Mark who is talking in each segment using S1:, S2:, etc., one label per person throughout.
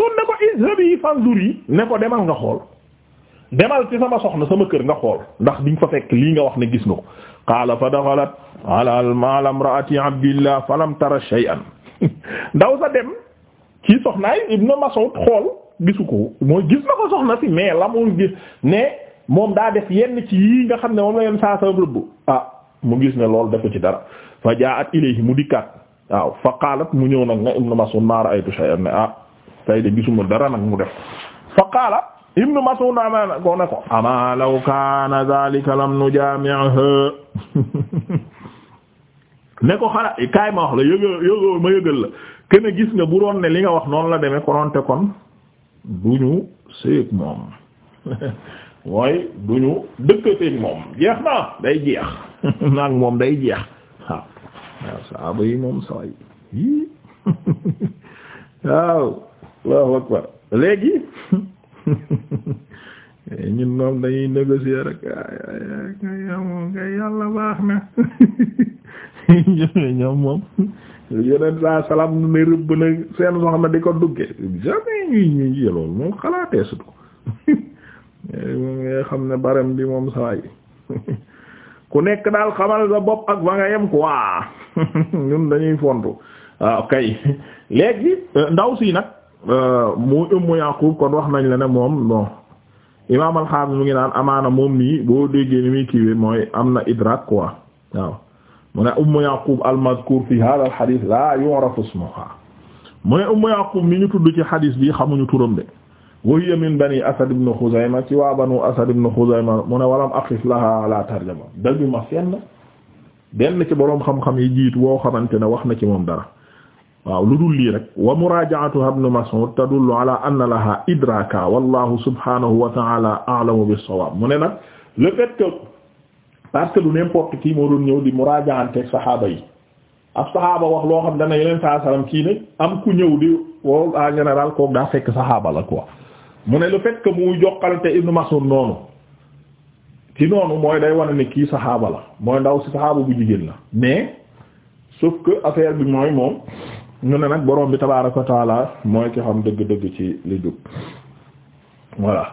S1: ne ko izhabi xool demal ci sama sama kër nga xool ndax diñ fa fekk lii nga wax ne gis nga ko qaala fa daxalat ala ala imraati abdillah fa xool gis na ko soxna si mais la mu gis ne moom daa def yenn ci yii nga xam ne moom la yenn saa sa rëbb ah mu gis ne lool defu ci dara fa jaa'at ilayhi mu dikkaat waaw fa qaalat mu ñëw nag ne ibn Mas'ud ma ra'aytu shay'an ah tay de gisuma dara nag mu def fa qaala ibnu Mas'ud amana ko ne ko ama law kana zalika lam nujaami'ha ne ko xala kaay ma wax la yëgal yëgal ma yëgal la kene gis nga bu doon ne li nga wax noonu la demee kononte kon duñu séeg moom mooy duñu dëkkateeg moom jeex na day jeex naag moom day jeex waaw saaba yi moom saway waaw Allahu akbar léegi ñun moom dañuy négocier rek nga yàlla baax na ñoom moom yeneen saa salaam nu ne rëbb na seen soxna di ko dugge jamais ñuy ñuy jëlool moom xalaatee sut moom ngay xam ne barem bi moom sawaay ku nekk daal xamal sa bopp ak ba nga yem quoi ñun dañuy fontu waaw ah, kay léegi ndaw si nag Euh, mu ummu yaqub kon wax nañ la ne moom bon imaam al mu ngi naan amaana moom nii boo déggee ni muy kiiwee mooy am na idrak quoi waaw mu ne ummu yaqub al-mazkur fi hadha al-hadith la yu'rafu ismuha mu ne ummu yaqub mi ñu tudd ci hadith bi xamuñu turam de wa hiya min bani asad ibn xuzayma ci waa banu asad ibn xuzayma mu ne walam aqif laha ala tarjama daju ma fenn benn ci boroom xam-xam yi jiitu woo xamante ne wax na ci moom dara waaw lu dul lii rek wa muraaja'atuha ibn Mas'ud tadullu ala anna laha idraka wallahu subhanahu wa ta'ala a'lamu bis mu ne nag le fait que parce que du n'importe qui moo doon ñëw di muraaja'ante saxaaba yi ab saxaaba wax loo xam dana yeneen saa salaam kii ne am ku ñëw di wol en général kooku daa fekk saxaaba la quoi mu ne le fait que mu jokkalante ibn Mas'ud noonu ci noonu mooy day wane ne ndaw si saxaaba la mais bi mooy ñu ne nag borom bi tabaaraka wa taala mooy ki xam dëgg-dëgg ci li jub voilà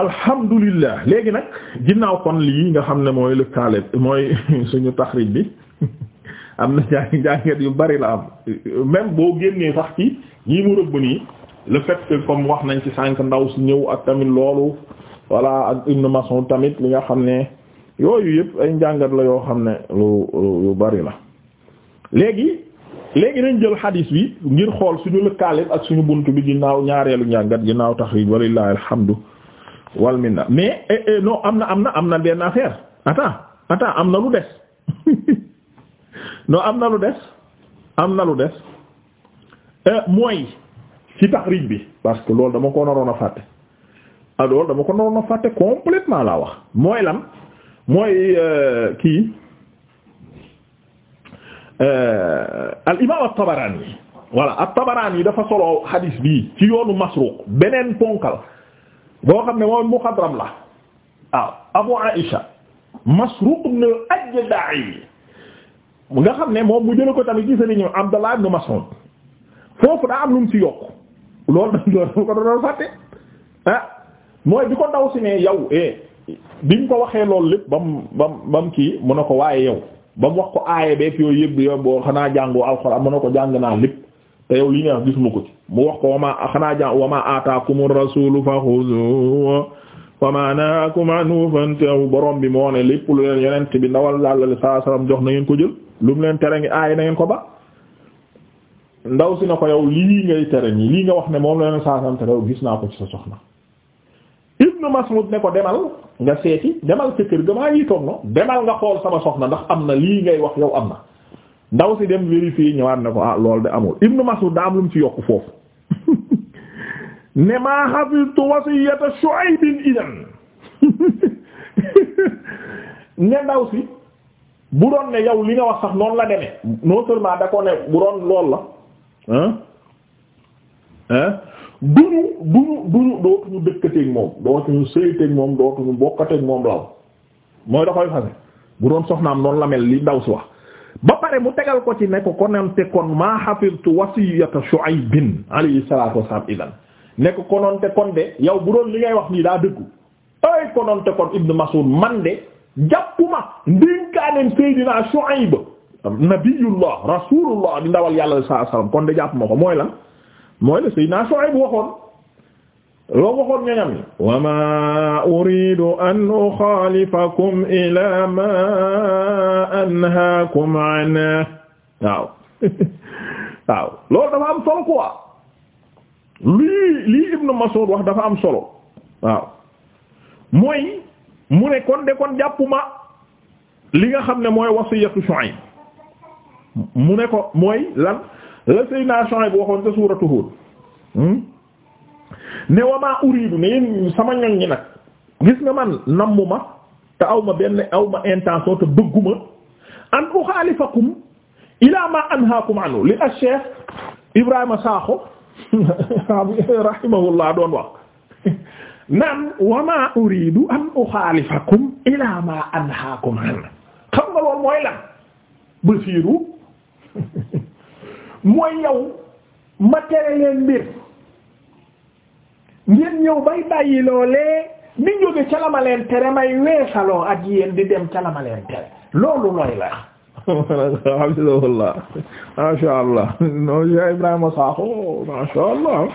S1: alhamdulillah léegi nag ginnaaw kon lii nga xam ne mooy lëkkaale mooy suñu taxrij bi am na jàng jànget yu bari la am même boo génnee sax ci yi mu rëbb nii le fait comme wax nañ ci sànq ndaw si ñëw ak tamit loolu voilà ak Ibn tamit li nga xam ne yooyu yëpp ay njàngat la yoo xam ne lu yu bari la léegi léegi nañ jël xadiis bi ngir xool suñu lëkkaale ak suñu bunt bi ginnaaw ñaareelu njàngat ginnaaw taxriij walillahi alhamdu wal minna mais eh, eh, non am na am na am na benn affaire attends attends am na lu des non am na lu des am na lu des eh, mooy ci taxriij bi parce que loolu dama ko naroon a fàtte ah loolu dama ko naroon fàtte complètement laa wax mooy lan mooy euh, kii Euh, al imaam at-Tabarani voilà at-Tabarani dafa solo hadis bii ci yoonu Masruq beneen ponkal boo xam ne moom muxadram la waaw ah, Abu Aïcha Masruq ibn nga xam ne moom mu jëlee ko tamit ci sëriñ Abdallah ibn Mas'ud foofu daa am lu mu ci yokk loolu dañ ko doon fàtte ah, mooy bi ko daw si ne yow eh biñ ko waxee loolu lépp ba mu ba mu kii mu ne ko waaye yow. ba mu wax ko aaye beeg yooyu yëpp yow boo xanaa jàngoo alxuraan mën na ko jàng naa lépp te yow li nga wax gisuma ko ci mu wax ko wama xanaa jàng wama ataakumur rasuulu fa xuzuuhu wa ma nahaakum anhu borom bi moo ne lépp lu leen yonent bi ndawal làllale saa salaam jox na ngeen ko jël lu mu leen tere ngi aaye na ngeen ko ba ndaw si na ko yow lii ngay tere ñi lii nga wax ne moom la yonent saa salaam tere gis naa ko ci sa soxna Ibnu Mas'ud nga seeti demal sa kër ga maa ngi toog no demal nga xool sama soxna ndax am na lii ngay wax yow am na ndaw si dem vérifier ñëwaat na ko ah loolu de amul Ibnu Mas'ud daa am lu mu ci yokk foofu ne maa hafiztu wasiyata Shu'ayb idan ne ndaw si bu doon ne yow li nga wax sax noonu la demee non seulement da ko ne bu doon lool la ah ah duñu duñu duñu dootuñu dëkkateeg moom dootuñu sëyteeg moom dootuñu bokkateeg moom law mooy da koy fase bu doon soxnaam noonu la mel li ndaw si wax ba pare mu tegal ko ci ne ko konante kon maa hafirtu wasiyata Shuayb alayhi salatu wassalam idan ne ko kononte kon de yow bu doon li ngay wax nii daa dëggu ay kononte kon Ibn Mas'ud man de jàppuma ndénkaaneem Seydina Shuayb nabiyullah rasulullah di ndawal yàlla sallallahu alayhi wasallam kon de jàppuma ko mooy lan mooy la Seydina Shuayb waxoon loo waxoon ñañam ni wa ma uridu an uxaalifakum ila ma anhaakum an waaw waaw dafa am solo lii lii Ibnu Mas'ud wax dafa am solo waaw mooy mu ne kon de kon jàppuma li nga xam ne mooy wasiyatu Shuayb mu ne ko mooy lan la Seydina Shuayb waxoon ca suuratu Hud hmm? ne wamaa uridu ne sama ñoñ ñi nag gis nga man nammu ma te aw ma benn aw ma intention te bëgguma an uxaalifakum ila ma anhaakum anhu li al Cheikh Ibrahima Sakho rahimahullah doon wax naan wamaa uridu an uxaalifakum ila ma anhaakum anhu xam nga loolu mooy lan basiiru mooy yow ma tere leen mbir ngeen ñëw bay bàyyi loolee ni jóge ca la tere may weesaloo ak yéen di dem ca tere loolu looy la alhamdulillah Allah non Cheikh Ibrahima Sakho ma sha Allah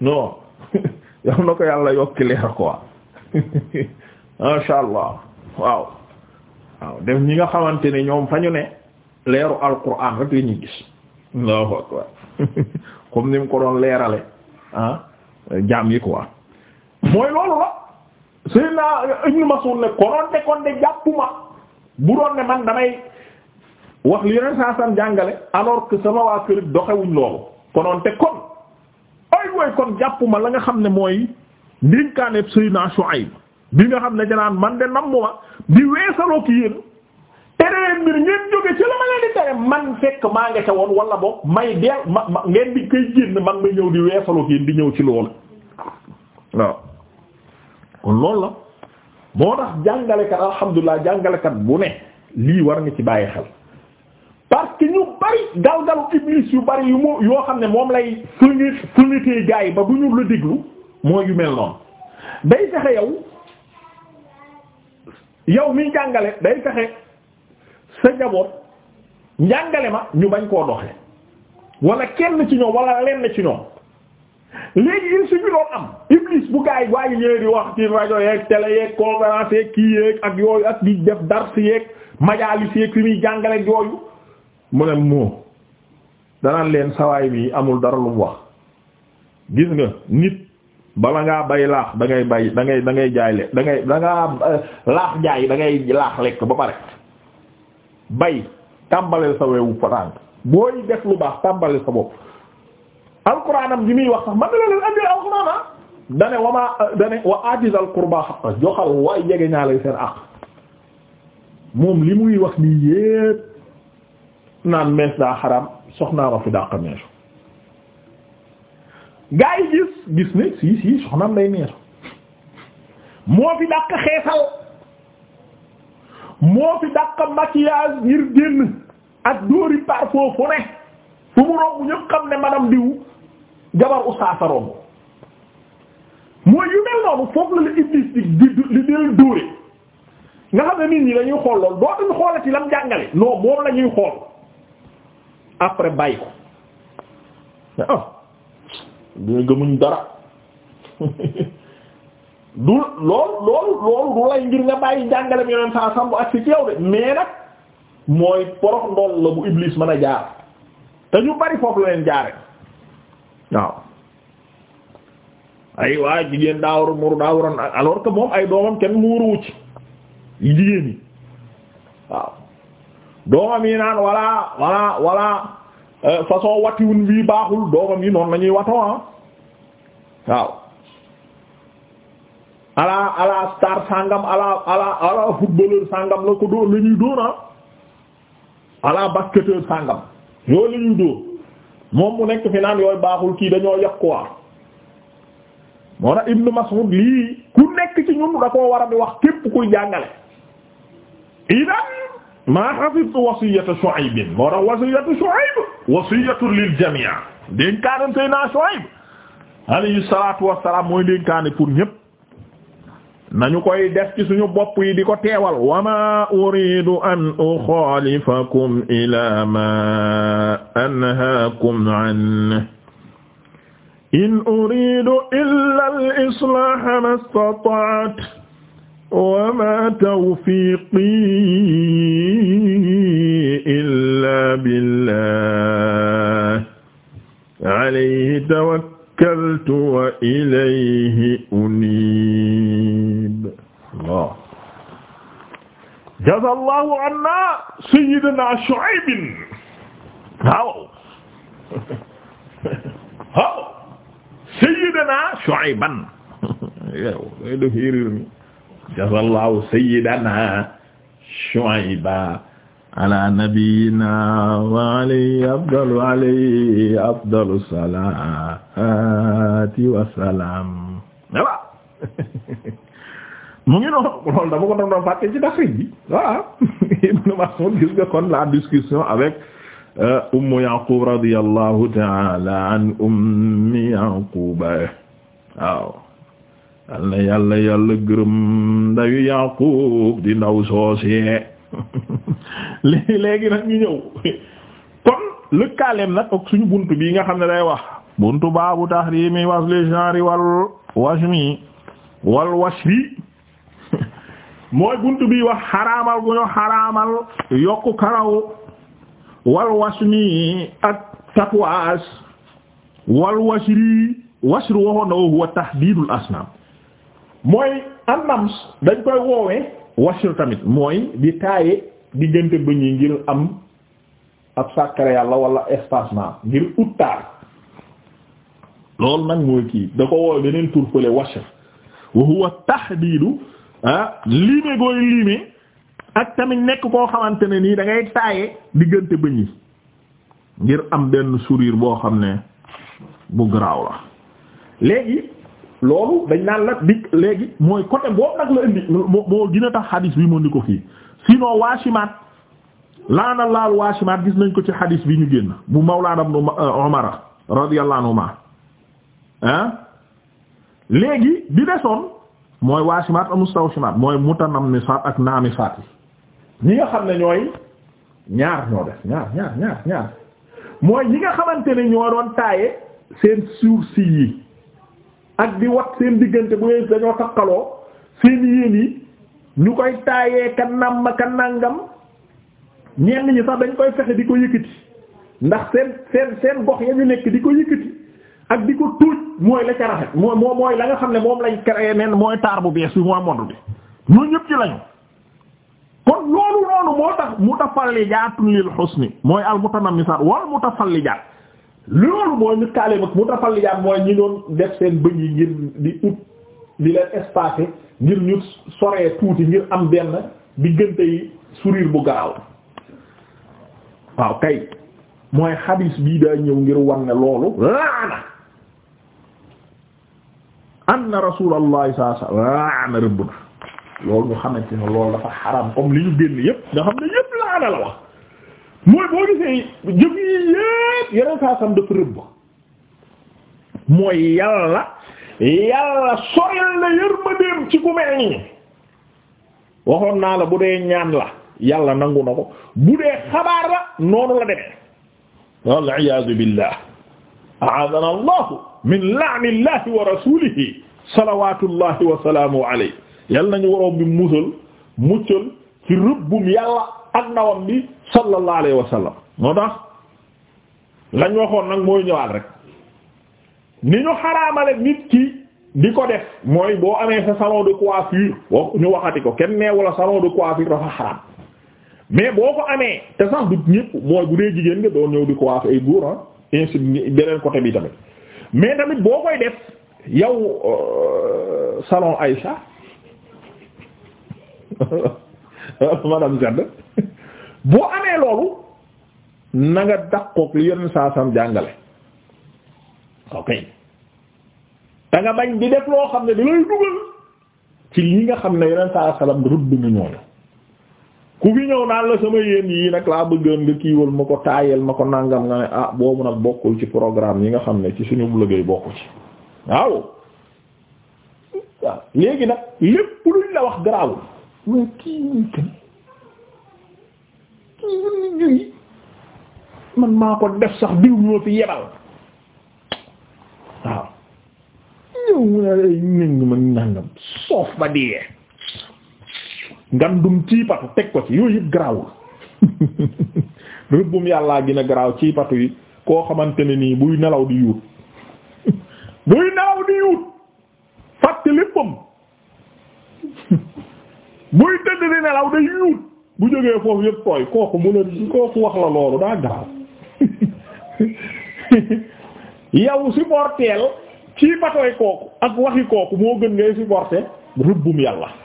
S1: non yow na ko yàlla yokki leer quoi ma Allah waaw waaw dem ñi nga xamante ne ñoom fa ne leeru alquran rek la ñuy gis comme ni mu ko doon leerale ah jaam yi quoi mooy loolu la Seydina Ibn Mas'ud ne konoon de kon de jàppuma bu doon ne man damay wax li yeneen saa san jàngale alors que sama waa kër doxewuñ loolu konoon kon ay woy kon jàppuma la nga xam ne mooy ndinkaaneb Seydina Shuayb bi nga xam ne janaan man de nammuma di weesaloo ki yéen mbir ngeen jóge ci la ma leen di tere man fekk maa nga ca woon wala boog may deel ma ma ngeen di koy génn man ma ñëw di weesaloo yéen di ñëw ci loolu waaw kon loolu la moo tax jàngalekat alhamdulilah jàngalekat bu ne lii war nga ci bàyyi xel parce que ñu bari galgalu iblis yu bari yoo xam ne moom lay fulni fulnitee gars yi ba bu ñu la déglu mooy yu mel noonu day fexe yow yow miy jàngale day fexe sa njaboot njàngale ma ñu bañ koo doxe wala kenn ci ñoom wala lenn ci ñoom léegi il suñu doon am iblis bu gaay yi waaye ñëwee wax ci rajo yeeg télé yeeg conférence yeeg kii yeeg ak yooyu ak di def dars yeeg majaalis yeeg fi muy jàngale yooyu mu ne moo danaan leen sawaay bi amul dara lu mu wax gis nga nit bala ngaa bay laax da ngay bay da ngay da ngay jaay lekk da ngay da ngaa euh, laax jaay da ngay laax lekk ba pare bay tàmbaleel sa wewu patànk booy def lu baax tàmbaleel sa bopp alquranam bi muy wax sax man na leen andil alquran ah dane wama dane wa atizal qurba haqqa joxal waay jege ñaale seen àq moom li muy wax nii yépp naan mees daa xaram soxnaama fi dàq meesu gaa yi gis gis ne si si soxnaam day meesu moo fi dàq xeesal moo fi dàq maquillage ngir génn ak dóori parfum fu ne fu mu romb ñëpp xam ne madame diw jabar ustaasa romb mooy yu mel noonu foofu la la iblis di di dóore nga xam ne nit ñi dañuy xool lool dootuñu xoolati lam jàngale non moom la ñuy xool après bàyyi ko ah, mais ah gëmuñ dara du loolu loolu loolu du lay ngir nga bàyyi mi yoneen saa sambu ak si ci de mais nag mooy porox ndool la bu iblis mën a jaar te bari foofu la leen jaare waaw ay waa jigéen daa war a muuru daa war a alors que moom ay doomam kenn muuruwu ci jigéen ñi waaw doomam yi naan walla walla walla façon watiwun bii baaxul doomam yi noonu la ñuy watoo ah. waaw ala ala star sangam ala ala ala footballeur sangam ko dóor la ñuy dóor ah ala basketteur yooyu la ñuy moom mu nekk fi yooyu baaxul kii dañoo yàq quoi. moo tax Ibnu Mas'ud lii ku nekk ci ñun da koo war a wax képp kuy jàngale. idan maa hafiztu wasiyata Shu'ayb moo tax wasiyatu Shu'ayb wasiyatu lil jami' dénkaane Seydina Shu'ayb alayhi salaatu wassalaam mooy dénkaane pour ñépp. nañu koy def ci suñu bopp yi di ko teewal wama uridu an uxaalifakum ila ma anhaakum an in uridu illa al islaaha ma stata'tu wama tawfiqi illa billah alayhi tawakkaltu wa ilayhi unib Allah jazallahu anna sayyidina Shu'ayb waaw waaw sayyidina Shu'ayban yow looy def yëriñu mi jazallahu sayyidina Shu'ayba ala nabiyyina wa alayhi afdalu alayhi afdalu salaati wa salaam mu ngi noonu loolu la discussion avec euh, Ummu Yaqub radiyallahu ta'ala an Ummi Yaqub waaw al na yàlla Yaqub di ndaw soosee léegi nag ñu ñëw kon lëkkaaleem nag ak suñu bunt bii nga xam ne day wax buntu baabu tahrimi wasli sha'ri wal washmi wal washri mooy buntu bi wax xaraamal gu ñu xaraamal yokku karaw wal wasmi ak tatwaas wal was washri waxoon na huwa tahdiidul asnaam mooy annams dañ koy woowee washri tamit mooy di taaye diggante bëñ yi ngir am ab sàkkare yàlla wala espacement ngir uttaar loolu nag mooy kii da ko woowe beneen tur fële washri wa huwa tahdiidu ah liime gooy ak tamit nekk koo xamante ne nii dangay ngay taaye diggante bëñ yi ngir am benn sourire boo xam ne bu garaaw la léegi loolu dañ naan la dig léegi mooy côté boobu nag la indi moo gën a tax xadis bi mu ndi ko fii sinon waashimaat laana laal waashimaat gis nañ ko ci xadis bi ñu génn bu mawlaana ibn Umar euh, radiyallahu anhuma ah léegi bi desoon mooy waasimaat ak mustawsimaat mooy mutanammisaat ak naamisaat yi ñi nga xam ne ñooy ñaar ñoo def ñaar ñaar ñaar mooy ñi nga xamante ne ñoo doon taaye seen sourcils yi ak di wat seen diggante bu ngay dañoo takkaloo seen yéen yi ñu koy taaye ka namm ka nangam ñenn ñi sax dañ koy fexe di ko yëkkati ndax seen seen seen gox ñu nekk di ko yëkkati ak di ko tuuj mooy la ca rafet moo moo mooy la nga xam ne moom lañ créé nen mooy taar bu bees bi mooy monde bi ñoo ñëpp ci lañu kon loolu noonu moo tax mutafallijaatun lil husni mooy al mutanammisat wal mutafallijaat loolu mooy miskaale mag mutafallijaat mooy ñi doon def seen bëñ yi ngir di ut di leen espacer ngir ñu soree tuuti ngir am benn diggante yi sourire bu gaaw waaw kay mooy xadiis bii daa ñëw ngir wan ne loolu laana anna rasulallahi saa saa laana rëbb na loolu ñu xamante ne loolu dafa xaram comme li ñu génn yépp nga xam ne yépp laana la wax mooy boo gisee jëf yi yépp yeneen saa sam dafa rëbb mooy yàlla yàlla soril na yërmandeem ci ku mel waxoon naa la bu dee ñaan la yàlla nangu na ko bu dee xabaar la noonu la demee wal iyaazu billah a'aadana allahu min la'nillahi wa rasulihi salawatullahi wa salaamu alayhi yal nañu waroom bi musal muccal ci rëbbum yàlla ak ndawam bi sallallahu alayhi wa sallam moo tax lañ waxoon nag mooy ñëwaat rek ni ñu xaraamale nit ki di ko def mooy boo amee sa salon de wax ñu waxati ko kenn neewu la salon de dafa xaraam mais boo ko amee te sax du ñëpp mooy bu dee jigéen nga doon ñëw di coiffer ay góor ah. ainsi beneen côté bi tamit mais tamit boo koy def yow euh, salon ay madame Zand boo amee loolu na nga li yenn saa sam jàngale ok da nga bañ di def loo xam ne da lay dugal ci li nga xam ne yeneen saa salam rëbb nga ñooñu ku fi ñëw naan la sama yéen yii nag laa bëggoon nga kiiwal ma ko taayal ma ko nangam nga ne ah boobu nag bokkul ci programme yi nga xam ne ci suñu liggéey bokku ci waaw léegi nag lépp luñ la wax garaawul mais kii ñuy tën kii man maa ko def sax diw ñoo fi yebal waaw ñëw mu ne ay néng ma nangam soof ba diyee ngandum ciipatu teg ko ci yooyu yëpp garaawul rëbbum yàllaa gën a garaaw ciipatu yi koo xamante ne nii buy nelaw di yuut buy nelaw di yuut fàtte léppam buy tëdd di nelaw day yuut bu jógee foofu yëpp tooy kooku mu ne kooku wax la loolu daa garaaw yow supporteel ciipatooy kooku ak waxi kooku moo gën ngay supporter rëbbum yàlla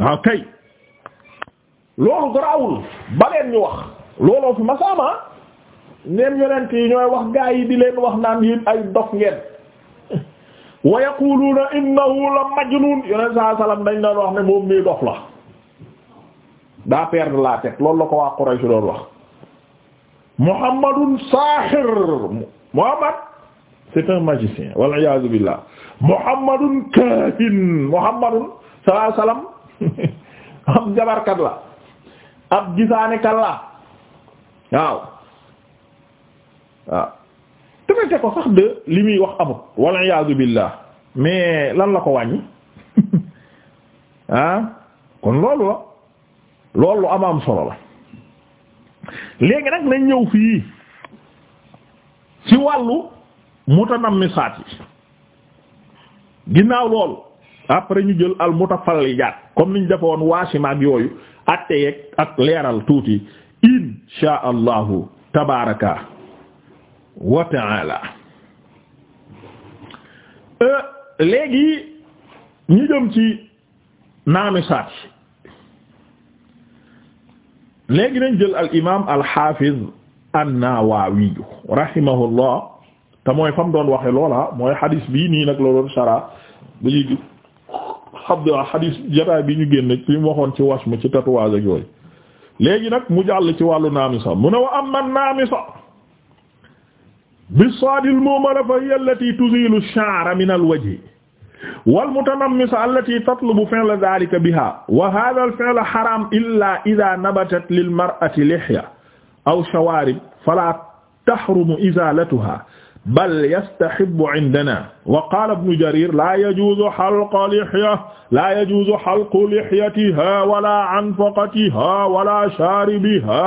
S1: waaw kay loolu garaawul baleen ñu wax looloo fi masaama neen yonent yi ñooy wax gaa yi di leen wax naan yéen ay dof ngeen wa yaquluuna innahu la majnun yonent saa salaam dañ doon wax ne moom mii dof la daa perdre la tête loolu la ko waa Quraysh doon wax Muhammadun saaxir Muhammad c'est magicien wal iyaazu billah Muhammadun kaahin Muhammadun salaa salaam am jabarkat la ab gisaanekat la waaw waaw traité ko sax de li muy wax amut walla iyaazu billaah mais lan la ko wàññi ah kon loolu la lool lu am am solo la léegi nag nañ ñëw fii ci wàllu mutanammisaat yi ginnaaw lool après ñu jël al mutafallijaat comme niñ defe woon waasima ak yooyu atte yeeg ak leeral tuuti insha allahu tabaraka wa taala euh, léegi ñu jëm ci naamisaat léegi nañ jël al imaam al xaafiz an-Nawawi rahimahullah te mooy fam doon waxe loola mooy xadiis bii nii nag la doon sara bu xabda xadiis jataay bi ñu génn li mu waxoon ci wasm ci tatouage ak yooyu léegi nag mu jàll ci wàllu naamisa mu ne wa am man naamisa bi saadil mu'mara fa hiya allati tuzilu ash-sha'ra min al-wajhi wal mutanammisa allati tatlubu fi'la dhalika biha wa hadha al-fi'lu haram illa idha nabatat lil mar'ati lihya aw shawarib fala tahrumu izalatuha bal yastaxibu indana wa qaala ibnu jarir laa yajuuzu xalqa lixya laa yajuuzu xalqu lixyatiha wala anfaqatiha wala shaaribiha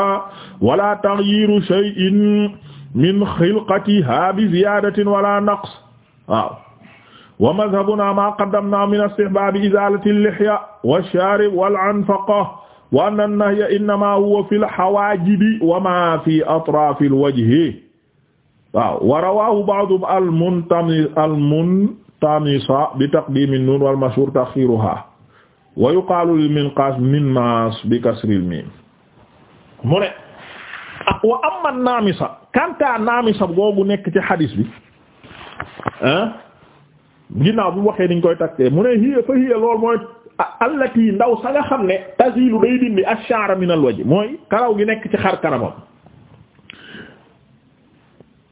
S1: wala taxyiru shay'in min xilqatiha bi ziyaadatin wala naqs waaw wa madhabuna maa qaddamnaa min istixbaabi izaalati lixya wa shaarib wal anfaqa wa anna nahya innamaa huwa fil xawaajibi wa maa fi atraafil wajhi waaw wa rawahu ba'du al-muntami al-muntamisa bi taqdimi nun wal mashhur ta'khiruha wa yuqalu lil minqas minmas bi kasril mim mu ne wa amma namisa kanta namisa googu nekk ci xadis bi ah ginnaaw bu waxee niñ koy takkee mu ne hiya fa hiya lool mooy allati ndaw sa xam ne tazilu day dindi ash min al mooy karaw gi nekk ci xar kanamam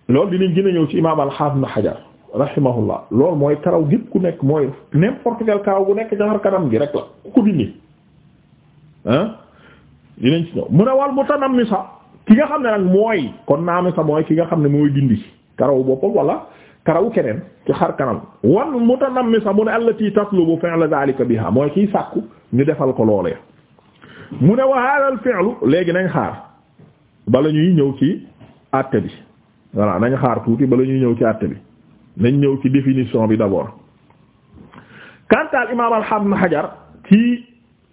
S1: loolu dinañ gën a ñëw ci imaam al na Ibn Hajar rahimahullah loolu mooy karaw gépp ku nekk mooy n'importe quel karaw bu nekk jaxar kanam gi rek la ku dindi ah dinañ ci ñëw mu ne wal sax ki nga xam ne nag mooy kon naa namisa mooy ki nga xam ne mooy dindi karaw boppam wala karawu keneen ci xar kanam wan mutanammisa mu ne allati tatlubu fi'la dhalika biha mooy kiy sàkku ñu defal ko loolee mu ne wa hadha léegi nañ xaar bala ñuy ñëw ci àtte bi voilà nañ xaar tuuti bala ñuy ñëw ci àtte bi nañ ñëw ci définition bi d'abord quant al imam alhamna hajar ci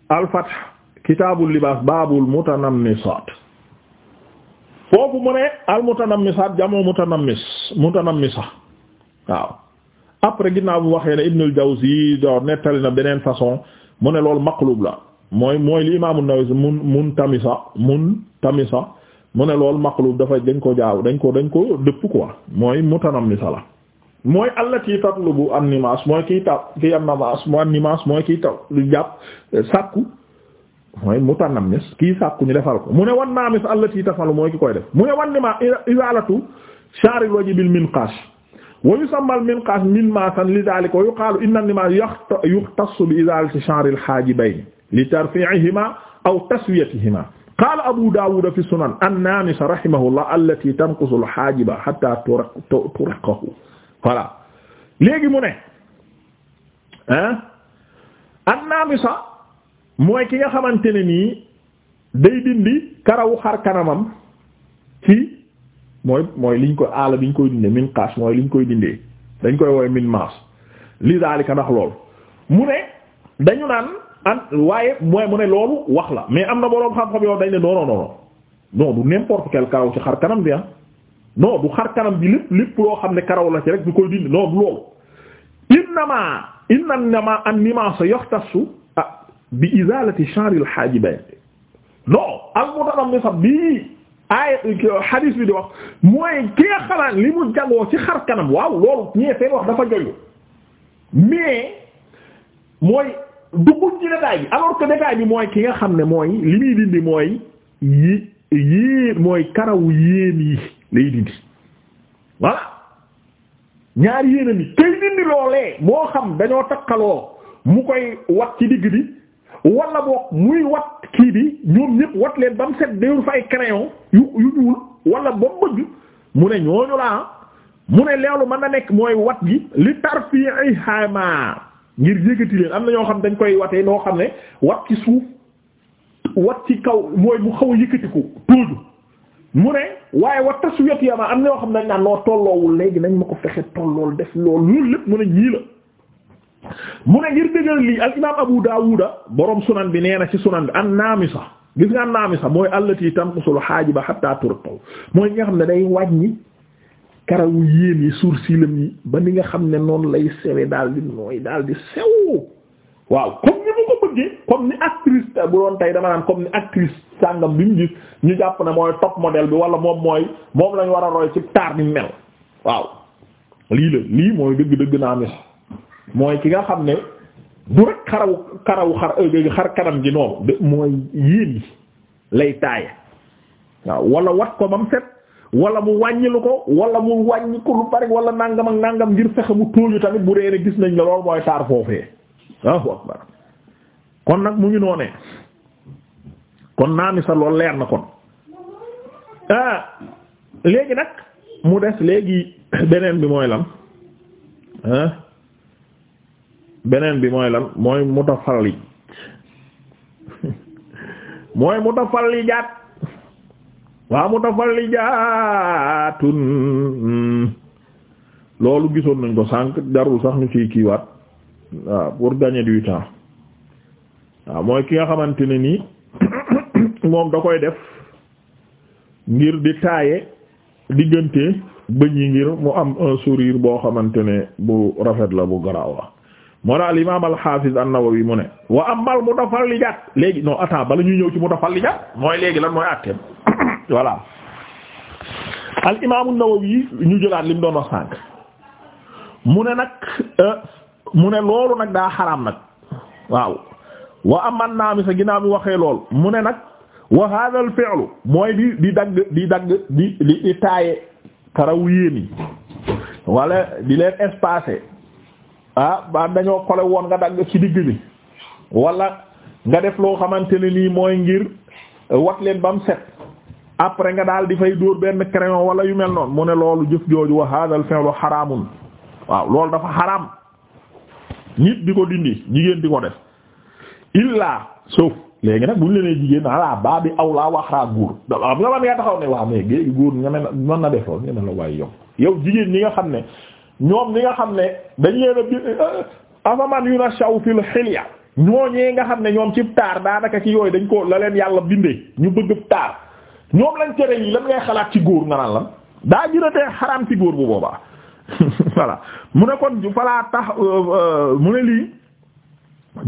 S1: al-Fath kitaabul libaas baabul mutanammisaat foofu mu ne al mutanammisaat jamoo mutanammis mutanammisa waaw après ginnaaw bu waxee ne Ibnul Jawzi do nettali na beneen façon mu ne lool maqlub la mooy mooy li imaamu Nawawi mun mun tamisa mun tamisa mu ne loolu maqlub dafa dañ ko jaaw dañ ko dañ ko dëpp quoi mooy mutanamisa la mooy allati bu am nimaas mooy kiy ta ki am namaas mo an nimaas mooy kiy ta lu jàpp eh, sàkku mooy mutanamis kii sàkku ñu defal ko mu ne wan naamis allati tafalu mooy ki koy def mu ne wan nima izalatu sha'r al-wajh bil minqash wa yusamma al-minqash minmaasan li dhalika wa yuqalu inna an-nimaas yukhtassu bi izalati sha'r al-haajibayn li tarfi'ihima aw taswiyatihima qaala Abu Daawuud fi sunan an-naamisa rahimahullah allatii tanqusu al-haajiba hattaa turaqahu voilà léegi mu ne ah an-naamisa mooy ki nga xamante ne nii day dindi karaw xar kanamam ci mooy mooy liñ koy aala biñ koy dindee min qaas mooy liñ koy dindee dañ koy woy min maas li daalika ndax lool mu ne dañu naan. an ah waaye mooy mu ne loolu wax la mais am na boroom xam-xam yow dañ ne non non non non du n'importe quel karaw ci xar kanam bi ah non du xar kanam bi lépp loo xam ne karaw la ci rek du koy dindi non du loolu innama innama an nimaasa yaxtassu ah bi izalati sharil haajibayn non al mutalammis bi ay hadis bi di wax mooy ki xalaat li mu jagoo ci xar kanam waaw loolu ñee seen wax dafa joyu mais mooy duggul ci détail bi alors que détail bi mooy ki nga xam ne mooy li muy dindi mooy yi yée mooy karawu yéen yi lay dindi voilà ñaar yéenam yi kay dindi loolee moo xam dañoo takkaloo mu koy wat ci digg bi wala boog muy wat kii di ñoom ñëpp wat leen ba mu set déwul fa ay crayon yu yu ñuul wala ba mu ne ñooñu la mu ne leelu mën a nekk mooy wat gi li tarfi'i hama ngir yëkkati leen am na ñoo xam dañ koy watee noo xam ne wat ci suuf wat ci kaw mooy mu xaw a ko tóoju mu ne waaye wa taswiyat yama am na ñoo xam ne dañ naan noo tolloowul léegi nañ ma ko fexe tollool def loolu loolu lépp mu ne ñii la mu ne ngir dëggal lii al imaam borom sunan bi nee na ci sunan bi an naamisa gis nga an naamisa mooy allati tanqusul xaajiba hatta turtaw mooy nga xam ne day wàññi karawu yéen yi sourcilam yi ba ni nga xam ne noonu lay sewe daal di nooy daal di sew waaw comme ni mu ko bëggee comme ni actrice bu doon tey dama naan comme ni actrice sàngam bi mu gis ñu jàpp ne mooy top modèle bi wala moom mooy moom lañ war a roy ci taar ni mel waaw lii la lii mooy dëgg-dëgg naa mi mooy ki nga xam ne du rek xarawu xarawu xar euh, xar kanam ji noonu mooy yéen yi lay taaye waaw wala wat ko bam set wala mu wàññilu ko wala mu wàññi ko lu bari wala nangam ak nangam ngir fexe mu tóoju tamit bu dee ne gis nañ la lool mooy taar foofee kon nag mu ngi noonee kon naami sa loolu leer na kon ah, léegi nag mu des léegi beneen bi mooy lan ah, beneen bi mooy lan mooy mutafalli mooy mutafallijaat waa mutafallijaatun loolu gisoon nañ ko sànq jarul sax ñu ciy kiiwaat waaw pour gagner du temps waaw mooy ki nga xamante ne nii moom da koy def ngir di taaye diggante bëñ yi ngir mu am un sourire boo xamante ne bu rafet la bu garaaw la moo daal imaam al-Hafiz an-Nawawi mu ne wa amal mutafallijaat léegi non attends bala ñuy ñëw ci mutafallijaat mooy léegi lan mooy àtteem voilà al imaam an-Nawawi ñu jëlaat li doon wax sànq mu ne nag euh, mu ne loolu nag daa xaraam nag waaw wa aman naa mi sa ginnaaw mi waxee lool mu ne nag wa hadha al mooy di dagg di dagg di di taaye karaw yéen yi walla di leen espacer ah ba dañoo xole woon nga dagg ci digg bi wala nga def loo xamante ne nii mooy ngir wax leen ba set après nga daal di fay dóor benn crayon wala yu mel noonu mu ne loolu jëf jooju wa hadal fi'lu xaraamun waaw loolu dafa xaraam nit di ko dindi jigéen di ko def illaa sauf léegi nag bu ñu leen jigéen ala bi aw wax raa góor am nga man nga taxaw ne waa mais géegi góor na mën na def loolu ñeme la waaye yow yow jigéen ñi nga xam ne ñoom ñi nga xam ne dañ leen a bi afaman yu na shaw fil xilya ñooñee nga xam ne ñoom ci taar daanaka ci yooyu dañ ko la leen yàlla bindee ñu bëgg taar ñoom lañ tere yi lan ngay xalaat ci góor nga naan lan daa jëratee xaraam ci góor bu boobaa voilà mu ne kon ju falaa tax euh, euh, mu ne lii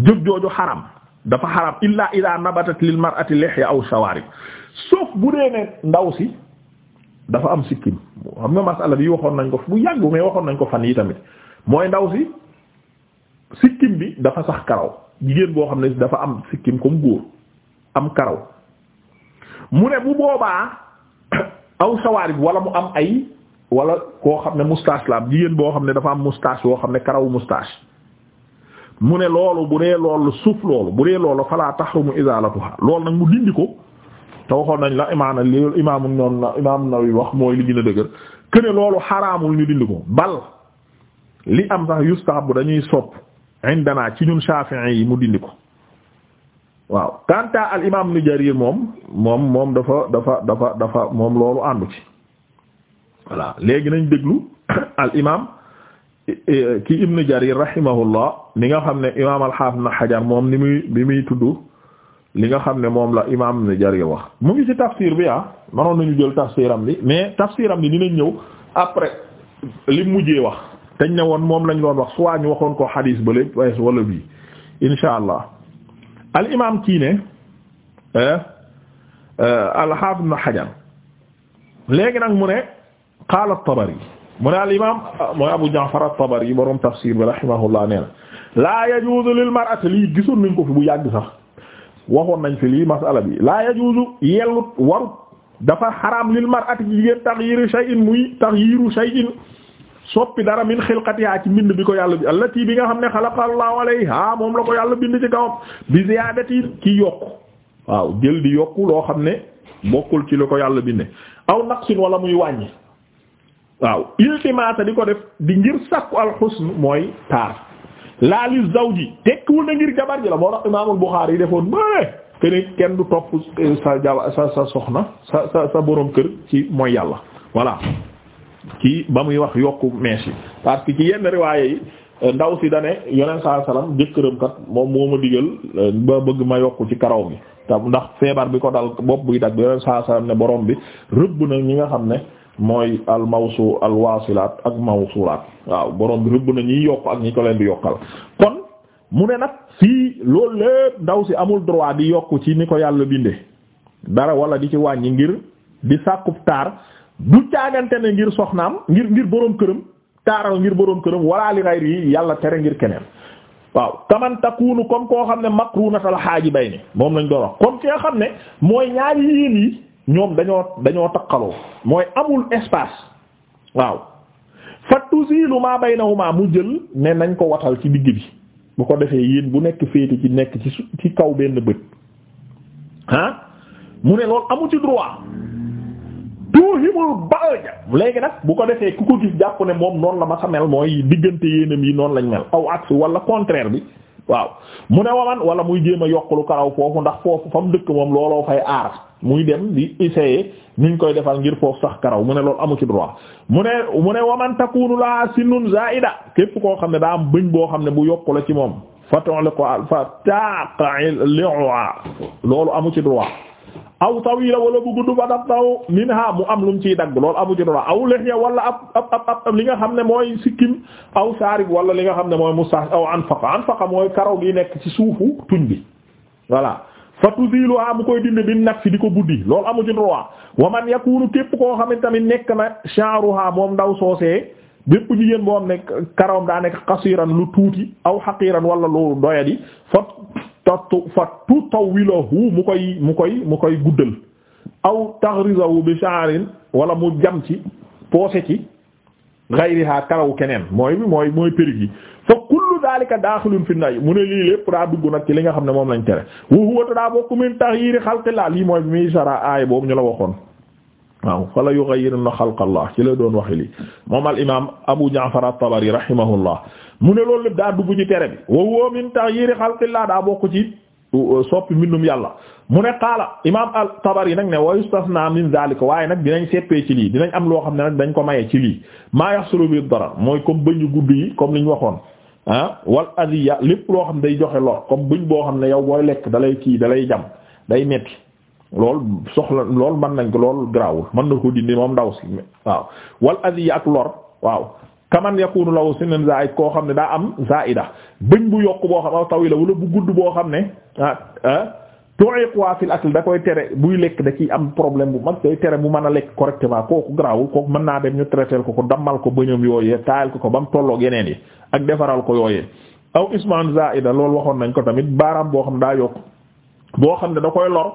S1: jëf jooju xaram dafa xaram illa ida nabatat lil mar'ati lihya aw shawarib sauf bu dee ne ndaw si dafa am sikkim xam nga masala waxoon nañ ko bu yàggu waxoon nañ ko fan yi tamit mooy ndaw si sikkim bi dafa sax karaw jigéen boo xam ne dafa am sikkim comme góor am karaw mu ne bu boobaa aw sawaarib wala mu am ay walla koo xam ne moustache la am jigéen boo xam ne dafa am moustache yoo xam ne karawu moustache mu ne loolu bu dee loolu suuf loolu bu dee loolu fala tahrumu izalatuha loolu nag mu dindi ko te waxoon nañ la imaana li imaamu noonu imaamu Nawawi wax mooy li gën a dëgër que ne loolu xaraamul ñu dindi ko bal li am sax yustahabu dañuy sopp indana ci ñun Shafi'i yi mu dindi ko waaw kanta al imam ibn Jarir moom moom moom dafa dafa dafa dafa moom loolu àndu ci voilà léegi nañ déglu al imam ki ibn Jarir rahimahullah ni nga xam ne imam al na Ibn moom ni muy bi muy tudd li nga xam ne moom la imam ibn Jarir wax mu ngi ci tafsir bi ah manoon nañu jël tafsiram bi mais tafsiram bi dinañ ñëw après li mujjee wax dañ ne woon moom lañ doon wax soit ñu waxoon ko xadiis ba lépp wala bii insha allah al imaam kii ne eh, eh, al-Haafiz Ibn Hajar léegi nag mu ne qaala at-Tabari mu ne al imaam ah, mooy Abu Ja'far at-Tabari borom tafsir bi rahimahullah nee na laa yajuuzu lil mar'ati lii gisoon nañ ko fi bu yàgg sax waxoon nañ fi lii masala bi laa yajuuzu yellut warut dafa xaraam lil mar'ati jigéen taghyiiru shay'in muy taghyiiru shay'in soppi dara min xilqatiha ci mbind bi ko yàlla bi allati bi nga xam ne xalaqa allahu alayha moom la ko yàlla bind ci kawam bi ziyaadati ci yokku waaw jël di yokku loo xam ne bokkul ci li ko yàlla binde aw naqsin wala muy wàññi waaw iltimaata di ko def di ngir sàkku alxusn mooy taar laa li zawji tekkiwul na ngir jabar ji la moo tax imaamul Buxaari yi defoon bëree kenn du topp sa jaba sa soxna sa sa sa boroom kër ci mooy yàlla voilà ci ba muy wax yokk mees yi parce que ci yenn riwaaye yi ndaw si dane yonent saa salaam jëkkëram kat moom moo ma digal ba bëgg ma yokku ci karaw bi te ndax feebar bi ko dal bopp buy dagg yonent saa salaam ne borom bi rëbb na ñi nga xam ne mooy al mawsu al wasilaat ak mawsulaat waaw borom bi rëbb na ñiy yokk ak ñi ko leen di yokkal kon mu ne nag fii loolu lépp ndaw si amul droit di yokk ci ni ko yàlla bindee dara wala di ci wàññi ngir di sàkkub taar du caagante ne ngir soxnaam ngir ngir boroom këram taaral ngir boroom këram wala li xayri yi yàlla tere ngir keneen waaw kaman takunu comme koo xam ne makrunatal xaaji bay ni moom lañ doon wax comme ki nga xam ne mooy ñaari yéen yi ñoom dañoo dañoo takkaloo mooy amul espace waaw fa tusilu ma baynahuma mu jël ne nañ ko watal ci digg bi bu ko defee yéen bu nekk féete ci nekk ci ci kaw benn bët ah mu ne loolu amu ci droit tuuhimul balja léegi nag bu ko defee ku ko gis jàpp ne moom noonu la ma sa mel mooy diggante yéenam yi noonu lañ mel aw axe wala contraire bi waaw mu ne waman wala muy jéem a yokkulu karaw foofu ndax foofu fa mu dëkk moom looloo fay aar muy dem di essayer niñ koy defal ngir foofu sax karaw mu ne loolu amu ci droit mu ne mu ne waman takunu la sinun zaida képp koo xam ne daa am bëñ boo xam ne bu yokku la ci moom fatonle ko fa taqaliua loolu amu ci droit aw tawila wala bu gudd ba daf taw minha mu am lu mu ciy dagg loolu amu ci dara aw lihya wala ab ab ab li nga xam ne mooy sikkim aw saarib wala li nga xam ne mooy mustax aw anfaqa anfaqa mooy karaw gi nekk ci suufu tuñ bi voilà fatuziluha mu koy dindi bi nag fi di ko buddi loolu amu ci droit wa man yakunu képp koo xam ne tamit nekk na sha'ruha moom ndaw soosee bépp jigéen boo xam ne karawam daa nekk qasiran lu tuuti aw haqiran wala lu doyadi fat tattu fa tutawilahu mu koy mu koy mu koy guddal aw taghrizahu bi sha'rin wala mu jam ci poose ci ghayriha karaw keneen mooy mooy mooy périg yi fa kullu dhalika daaxilun fi nay mu ne lii lépp daa dugg nag ci li nga xam ne moom lañ tere wa huwa daa bokk min taghyiir xalqillah lii mooy bi muy sara aaya boobu ñu la waxoon waaw fala yughayyirunna xalqallah ci la doon waxi li moom al imam Abu Ja'far at-Tabari rahimahullah mu ne loolu lépp daa dugg ci tere bi wa huwa min taghyiri xalqillah daa bokk ci soppi mbindum yàlla mu ne qaala imam at-Tabari nag ne wa yustasna min zalika waaye nag dinañ seppee ci lii dinañ am loo xam ne nag dañ ko maye ci lii maa yahsulu bi dara mooy comme bëñ gudd yi comme li ñu waxoon ah wal adiya lépp loo xam ne day joxe lor comme bëñ boo xam ne yow booy lekk dalay kii dalay jam day metti lool soxla lool mën nañ ko lool garaawul mën na ko dindi moom ndaw si waaw wal adiya ak lor waaw kaman yakunu law sinan zaid koo xam ne daa am zaida bëñ bu yokk boo xam aw tawila wala bu gudd boo xam ne ah, ah tu'iq wa fil akl da tere buy lekk da ciy am problème bu mag day tere mu mën a lekk correctement kooku garaawul kooku mën naa dem ñu traiter ko ko dammal ko bëñam yooyee taayal ko ko ba mu tolloog yeneen yi ak defaral ko yooyee aw isman zaida loolu waxoon nañ ko tamit baaraam boo xam daa yokk boo xam ne da koy lor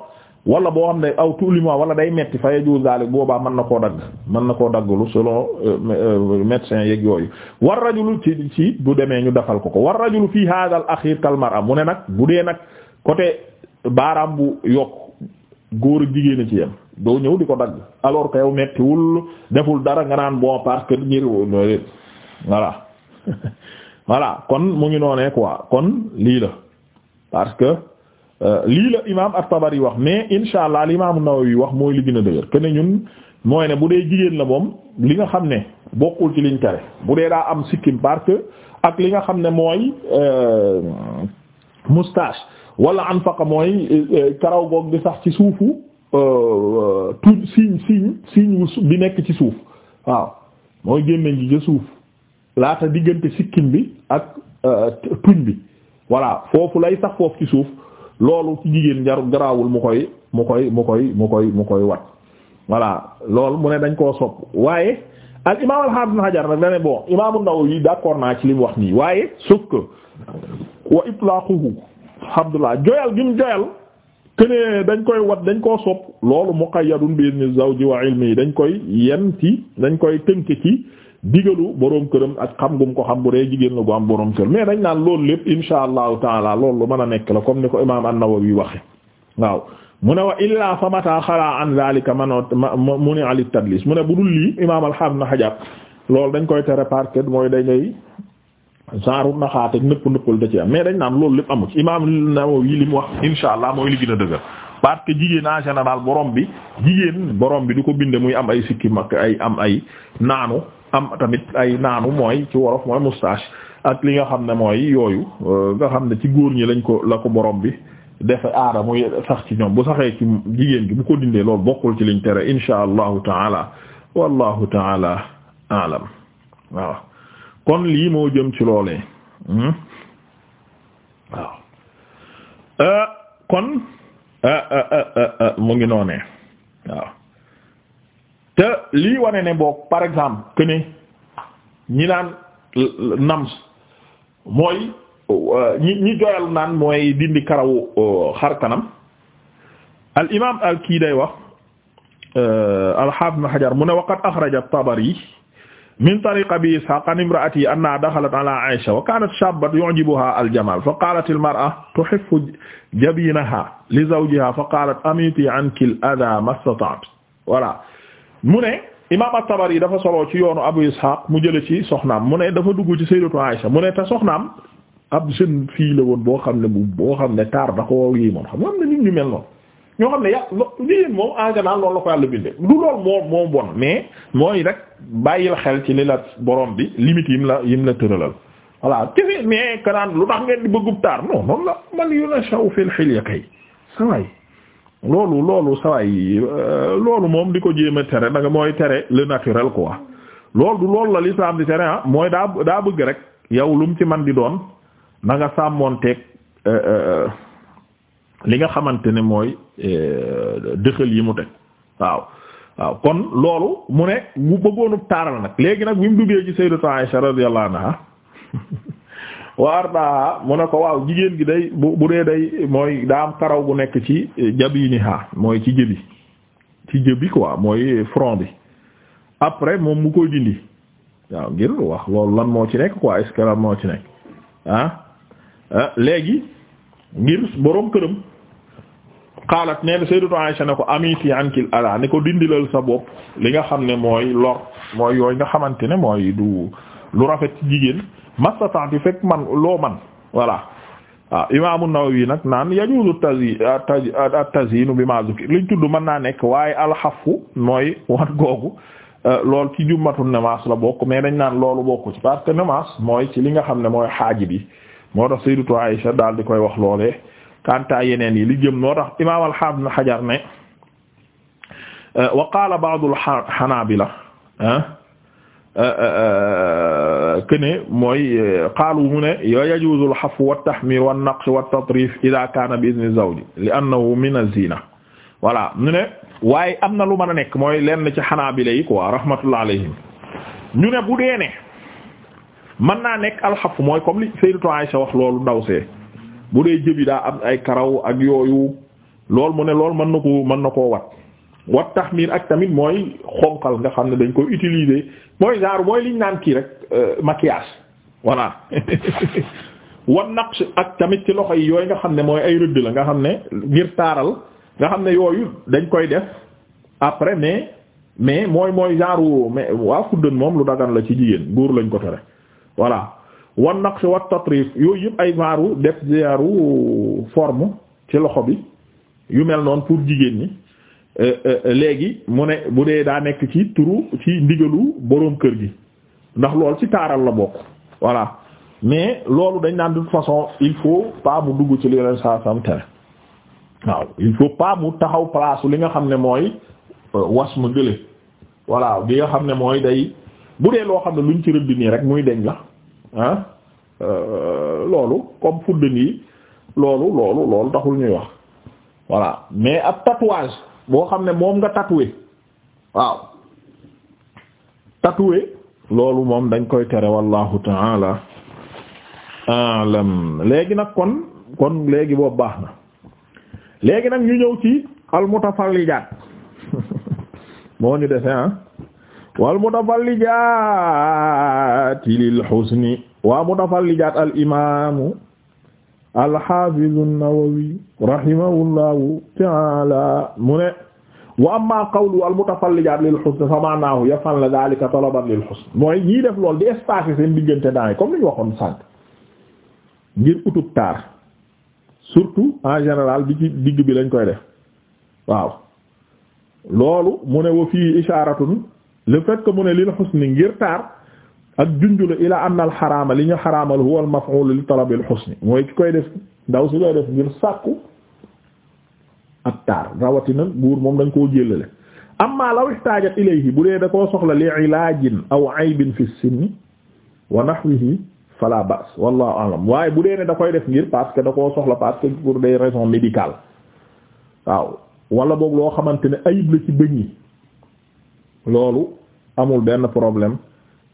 S1: wala boo xam ne aw tulima wala day metti fa yaju zalik boobaa mën na koo dagg mën na koo dagglu selon euh, euh, médecin yeeg yooyu war rajulu ci ci bu demee ñu dafal ko ko war rajulu fii hada al akhir kal mar'a mu ne nag bu dee nag côté baaraam bu yokk góor ak jigéen ci yem doo ñëw di ko dagg alors que yow mettiwul deful dara nga naan bon parce que ngir voilà voilà kon mu ngi noonee quoi kon lii la parce que Euh, lii la imaam at-Tabari wax mais insha allah li imaam an yi wax mooy li gën a dëgër que ñun mooy ne bu dee jigéen la moom li nga xam ne bokkul ci liñ tere bu dee daa am sikkim parce ak li nga xam ne mooy euh, moustache wala anfaqa mooy euh, karaw goog di sax ci suufu tuñ siiñ siiñ siiñ bi nekk ci suuf waaw mooy gémmiñ gi ca suuf laata diggante sikkim bi ak tuñ bi voilà foofu lay sax foofu ci suuf loolu ci jigéen jarul garaawul mu koy mu koy mu koy mu koy mu koy wat voilà loolu mu ne dañ koo sopp waaye al imam al-Hafiz Hajar nag dane bon imam ndaw nawawi d'accord naa ci li wax nii waaye sauf que wa itlaquhu Abdullah joyal gi joyal kene dañ koy wat dañ koo sopp loolu muqayyadun bi izni zawji wa ilmi dañ koy yem ci dañ koy tënk ci digalu boroom këram ak xam gum ko xam bu dee jigéen la bu am borom kër mais dañ naan loolu lépp insha allahu taala loolu lu mën a nekk la comme ni ko imaam an-Nawawi waxe waaw mu ne wa illaa fa mata xalaa an zalika manot mu ni ali tadlis mu ne bu dul lii imaam alxam na xajaat loolu dañ koy tere parce que mooy dañ lay genre naxaate nëpp nëppal da ci am mais dañ naan loolu lépp amu ci imaam an-Nawawi li wax insha allah mooy li gën a dëgër parce borom bi jigéen bi du ko binde muy am ay sikki mak ay am ay naanu am tamit ay naanu mooy ci worof mooy moustache ak li nga xam ne mooy yooyu euh, nga xam ne ci góor ñi lañ ko la ko borom bi def aada muy sax ci ñoom bu saxee ci jigéen gi bu ko dindee loolu bokkul ci liñ tere insha allahu taala wallahu taala alam waaw kon lii moo jëm ci loolee hmm? waaw euh, kon euh, mu ngi noonee waaw te lii wane ne boog par exemple que ne ñi naan nams mooy euh, ñi ñi joyal naan mooy dindi karawu euh, xar kanam al imaam al kii day wax euh, al haafid ibn Hajar mu ne waqad axraja at-Tabari min tariq Abi Ishaq an imra'atihi annaha daxalat ala Aisha wa kaanat shaabatan yu'jibuha al-jamaal fa qaalat al-mar'a tuhiffu jabiinaha li zawjiha fa qaalat amiitii anki al-adhaa ma istata'tu voilà mu ne imaam at yi dafa soloo ci yoonu Abu Ishaq mu jële ci soxnaam mu ne dafa dugg ci sayyidatu Aisha mu ne te soxnaam ab jeune fille la woon boo xam ne bu boo xam ne taar da ko yéemoon xam nga am na nit ñu mel noonu ñoo xam ne yà liyéen moom en général loolu la ko yàlla bindee du lool moo moo bon mais mooy rek bàyyil xel ci li la borom bi limite yim la yim la tëralal voilà kefe mais kanaan lu tax ngeen di bëggub taar noonu la man yu na shaw loolu loolu saway euh, loolu moom di ko jéem tere da mooy tere le naturel quoi loolu du loolu la l'islam di tere ah mooy daa daa bëgg rek yow lu mu ci man di doon na nga teg euh, euh, li nga xamante ni mooy dëxal yi mu teg waaw waaw kon loolu mu ne mu bëggoonub taaral nag léegi nag bi mu duggee ci sayyidatu Aisha radiyallahu anha wa arda mu ne ko waaw jigéen gi day bu bu dee day mooy daa am karaw gu nekk ci jabiniha mooy ci jëbi ci jëbi quoi mooy front bi après moom mu koy dindi waaw ngir wax loolu lan moo ci nekk quoi est lan moo ci nekk ah, ah léegi ngir boroom këram xaalat nee na Sayyidatu Aisha ne ko amiti ankil ala ne ko dindilal sa bopp li nga xam ne mooy lor mooy yooyu nga xamante ne mooy du lu rafet ci jigéen mastataati fekk man loo man voilà waaw ah, imaamu Nawawi nag naan yajuuzu tazi tazinu bi ma zukir liñ tudd mën naa nekk waaye alxafu mooy wat googu euh, lool ci jummatu nemaas la bokk mais dañ naan loolu bokku ci parce que mooy ci li nga xam ne mooy xaaji bi moo tax sayyidatu Aisha daal di koy wax loolee kanta yeneen yi li jëm noo tax imaam al-Hafiz ne euh, wa qaala ba'du al kene euh, euh, euh, mooy qaalu mu ne ya yajuuzul xafu wa tahmir wa naqsh wa tatrif ida kaana bi izni zawji li annahu min az-zina voilà ñu ne waaye am na lu mën a nekk mooy lenn ci xanaabila yi quoi rahmatullah alayhim ñu ne bu dee ne mën naa nekk alxafu mooy comme li Sayyidatu Aisha wax loolu ndaw see bu dee jëbi ay karaw ak yooyu loolu mu ne loolu mën na ko mën na koo wat wat taxmir ak tamit mooy xonqal nga xam ne dañ koy utiliser mooy genre mooy liñ naan kii rek euh, maquillage voilà wan naqsh ak tamit ci loxo yi yooyu nga xam ne mooy ay rëdd la nga xam ne ngir taaral nga xam ne yooyu dañ koy def après mais mais mooy mooy genre mais waa fuddan moom lu dagan la ci jigéen góor lañ ko tere voilà wan naqsh wat tatrif yooyu yëpp ay genre def genre forme ci loxo bi yu mel noonu pour jigéen ñi Euh, euh, léegi mu ne bu dee daa nekk ci turu ci ndigalu boroom kër gi ndax loolu ci taaral la bokk voilà mais loolu dañ naan du façon il faut pas mu dugg ci li leen saa sam tere waaw il faut pas mu taxaw palaasu li nga xam ne mooy euh, was mu gële voilà bi nga xam ne mooy day bu dee loo xam ne luñ ci rëdd nii rek muy deñ la ah loolu comme fudd nii loolu loolu loolu taxul ñuy wax voilà mais ab tatouage boo xam ne moom nga tatoué waaw tatoué loolu moom dañ koy tere wallahu taala alam léegi nag kon kon léegi boobu baax na léegi nag ñu ñëw ci almutafallijaat moo ñu dese ah wal mutafallijaat lil husni wa mutafallijaat al imaamu alxafizu nawawi rahimahullahu taala mu ne wa amma qawlu almutafallijaat lil husn fa maanaahu yafal daalika talaban lil husn mooy ñii def lool di espacer seen diggante daay comme li waxoon sànq ngir utub taar surtout en général bi ci digg bi lañ koy def waaw loolu mu ne wa fii isharatun le fait que mu ne lil husn ngir taar ak junjula ila anna al xaraama li ñu xaraamal huwa al li talab al mooy ki koy def ndaw si koy def ngir sàkku ak taar rawatina buur moom dañ koo jëlale amma law ihtaajat ilayhi bu dee da koo soxla li ilaajin aw aybin fi sinni wa nahwihi fala ba's wallahu a'lam waaye bu dee ne da koy def ngir parce que da koo soxla parce que pour des raisons médicales waaw wala boog loo xamante ne ayib la ci bëñ yi loolu amul benn problème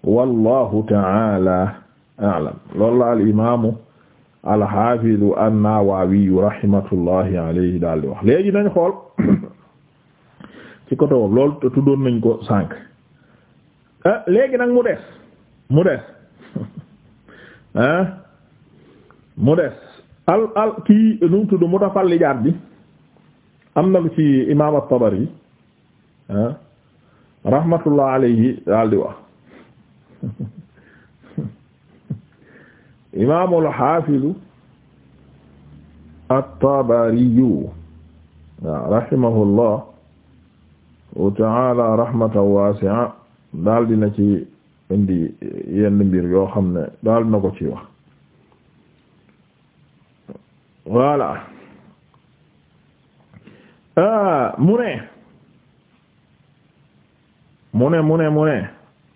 S1: wallahu taala alam loolu la alimamu alhafidu annawawiyu rahimatullahi alayhi daal di wax léegi nañ xool ci côté boobu loolu tuddoon nañ ko sànq ah, léegi nag mu des mu des ah mu des al al kii nu mu tudd mutafallijaat bi am na lu ci imam at-Tabari ah, rahmatullah alayhi daal di wax imaamul xaafidu at-Tabariyu waaw rahimahullah wa ta'ala rahmatan wasi'a daal dina ci indi yenn mbir yoo xam ne daal na ko ci wax voilà euh, mu ne mu ne mu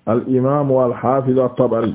S1: al imaamu al haafiz at-Tabari